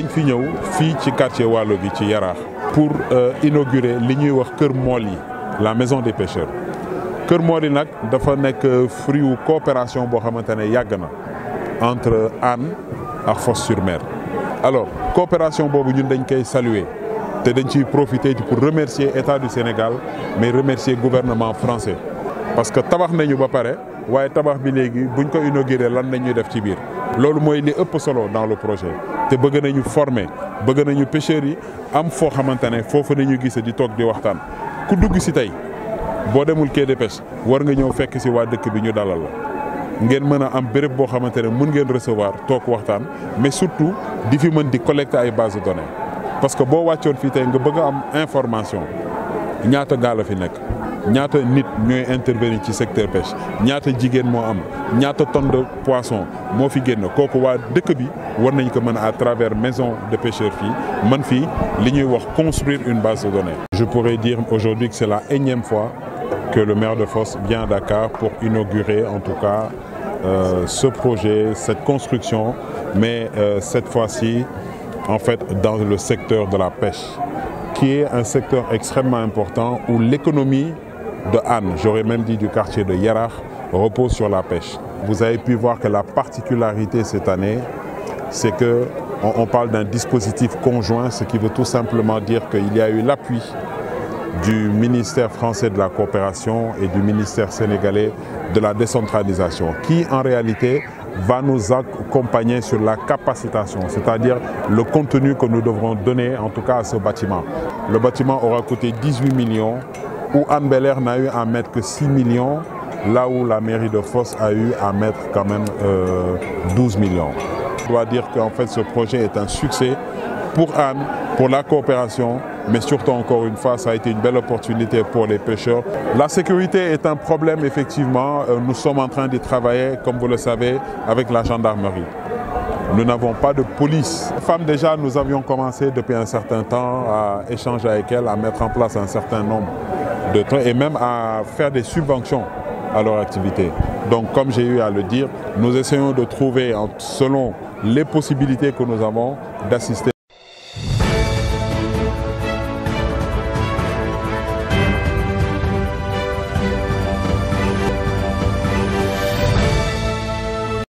nous fi ici, fii quartier pour euh, inaugurer li ñuy wax la maison des pêcheurs Kër Moly que dafa fruit la coopération entre Anne et fosse sur mer alors coopération que ñun dañ saluer te profiter pour remercier État du Sénégal mais remercier gouvernement français parce que tabax nañu ba un waaye tabax bi pas buñ inauguré lan la maison def ci loolu mooy li ëpp solo dans le projet te bëgg nañu former bëgg nañu pêcheurs yi am foo xamante ne foofu nañu gisee di toog di waxtaan ku dugg si tey boo demul quai de pêche war nga ñëw fekk si waa dëkk bi ñu dalal la ngeen mën a am béréb boo xamante ne recevoir toog waxtaan mais surtout di fi mën collecter ay base de données parce que boo wàccoon fii tey nga bëgg am information ñaata gaal la fi nekk nous nit ñoy intervenir le secteur pêche ñaata jigen mo am ñaata tonne de poisson mo fi génn koku wa dëkk bi war ko à travers maison de pêcheurs fi man fi construire une base de données. Je pourrais dire aujourd'hui que c'est la énième fois que le maire de Fos vient à Dakar pour inaugurer en tout cas euh, ce projet, cette construction, mais euh, cette fois-ci en fait dans le secteur de la pêche qui est un secteur extrêmement important où l'économie de Anne, j'aurais même dit du quartier de Yerach, repose sur la pêche. Vous avez pu voir que la particularité cette année, c'est que on, parle d'un dispositif conjoint, ce qui veut tout simplement dire qu'il y a eu l'appui du ministère français de la coopération et du ministère sénégalais de la décentralisation, qui en réalité va nous accompagner sur la capacitation, c'est-à-dire le contenu que nous devrons donner en tout cas à ce bâtiment. Le bâtiment aura coûté 18 millions, où Anne Belair n'a eu à mettre que 6 millions, là où la mairie de Fosse a eu à mettre quand même 12 euh, millions. Je dois dire qu'en fait ce projet est un succès pour Anne, pour la coopération, mais surtout encore une fois, ça a été une belle opportunité pour les pêcheurs. La sécurité est un problème effectivement. Euh, nous sommes en train de travailler, comme vous le savez, avec la gendarmerie. Nous n'avons pas de police. Les femmes, déjà, nous avions commencé depuis un certain temps à échanger avec elle, à mettre en place un certain nombre et même à faire des subventions à leur activité. Donc comme j'ai eu à le dire, nous essayons de trouver selon les possibilités que nous avons d'assister